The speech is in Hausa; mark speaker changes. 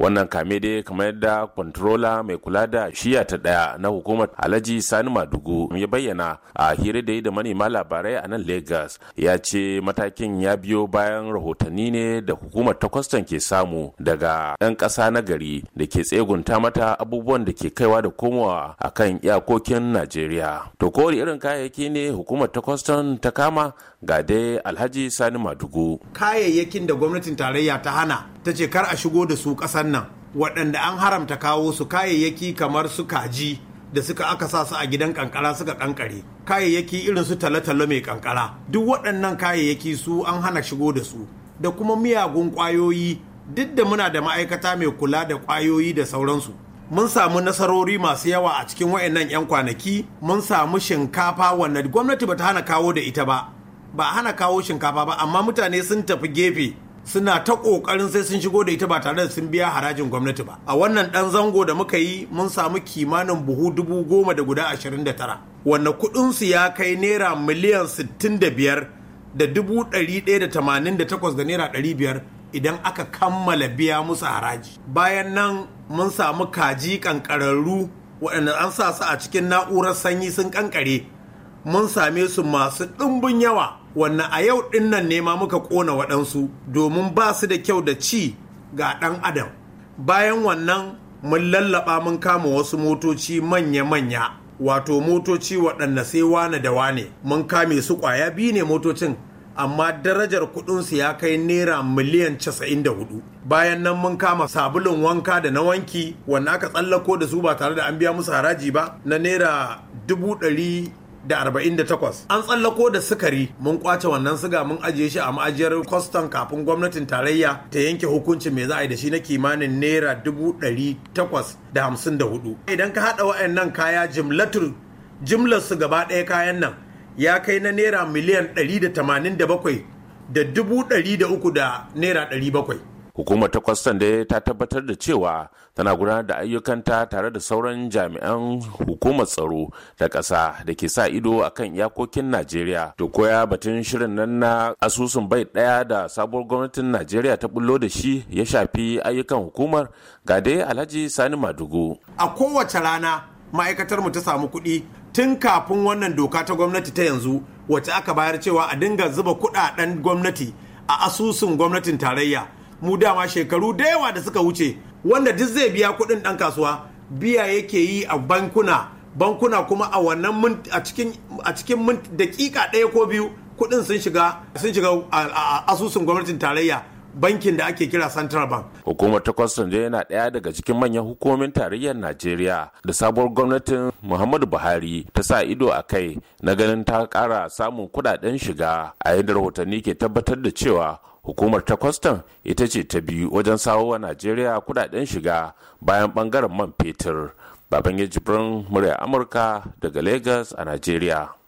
Speaker 1: wannan kame dai kamar yadda kwantarola mai kula da shiya ta daya na hukumar alhaji sani madugu ya bayyana a hira da yi da manema labarai a nan lagos ya ce matakin ya biyo bayan rahotanni ne da hukumar ta kwastan ke samu daga 'yan ƙasa na gari da ke tsegunta mata abubuwan da ke kaiwa da komowa a kan iyakokin najeriya to kowane irin kayayyaki ne hukumar ta kwastan ta kama ga dai alhaji sani madugu
Speaker 2: kayayyakin da gwamnatin tarayya ta hana ta ce kar a shigo da su ƙasan nan waɗanda an haramta kawo su kayayyaki kamar su kaji da suka aka sa su a gidan kankara suka kankare kayayyaki irin su tale-tale mai kankara duk waɗannan kayayyaki su an hana shigo da su da kuma miyagun ƙwayoyi duk da muna da ma'aikata mai kula da ƙwayoyi da sauransu mun samu nasarori masu yawa a cikin waɗannan 'yan kwanaki mun samu shinkafa wannan gwamnati bata hana kawo da ita ba ba hana kawo shinkafa ba amma mutane sun tafi gefe suna ta kokarin sai sun shigo da ita ba tare da sun biya harajin gwamnati ba a wannan dan zango da muka yi mun samu kimanin buhu dubu goma da guda ashirin da tara wanda kudinsu ya kai naira miliyan sittin da biyar da dubu ɗari ɗaya da tamanin da takwas da naira ɗari biyar idan aka kammala biya musu haraji bayan nan mun samu kaji kankararru waɗanda an sa su a cikin na'urar sanyi sun kankare mun same su masu ɗumbin yawa wannan a yau dinnan ne ma muka kona waɗansu domin ba su da kyau da ci ga ɗan adam bayan wannan mun lallaɓa mun kama wasu motoci manya-manya wato motoci waɗanda sai wane da wane mun kame su ƙwaya biyu ne motocin amma darajar kuɗinsu ya kai naira miliyan 94 bayan nan mun kama sabulun wanka da na wanki wanda aka tsallako da su ba tare da an biya musu haraji ba na naira dubu ɗari. da arba'in 48 an tsallako da sukari mun kwace wannan siga mun ajiye shi a ma'ajiyar kwastan kafin gwamnatin tarayya ta yanke hukuncin mai za a yi da shi na kimanin naira 854 idan ka haɗa wa'annan kaya jimlatur jimlar su gaba ɗaya kayan nan ya kai na naira miliyan 187 da 300 da naira 700
Speaker 1: hukumar ta kwastan da ta tabbatar da cewa tana gudanar da ayyukanta tare da sauran jami'an hukumar tsaro da ƙasa da ke sa ido a kan iyakokin najeriya da koya batun shirin nan na asusun bai ɗaya da sabuwar gwamnatin najeriya ta bullo da shi ya shafi ayyukan hukumar ga dai alhaji sani madugu
Speaker 2: a kowace rana ma'aikatar mu ta samu kuɗi tun kafin wannan doka ta gwamnati ta yanzu wacce aka bayar cewa a dinga zuba kuɗaɗen gwamnati a asusun gwamnatin tarayya mu dama shekaru da yawa da suka wuce wanda duk zai biya kuɗin ɗan kasuwa biya yake yi a bankuna bankuna kuma a wannan a cikin mint daƙiƙa ɗaya ko biyu kuɗin sun shiga sun shiga asusun gwamnatin tarayya bankin da ake kira central bank
Speaker 1: hukumar ta kwastam yana ɗaya daga cikin manyan hukumomin tarayyar najeriya da sabuwar gwamnatin muhammadu buhari ta sa ido a kai na ganin ta ƙara samun kuɗaɗen shiga a yadda rahotanni ke tabbatar da cewa hukumar ta kwastam ita ce ta biyu wajen sawo wa najeriya kudaden shiga bayan bangaren man fetur baban ya jibrin murya amurka daga lagos a najeriya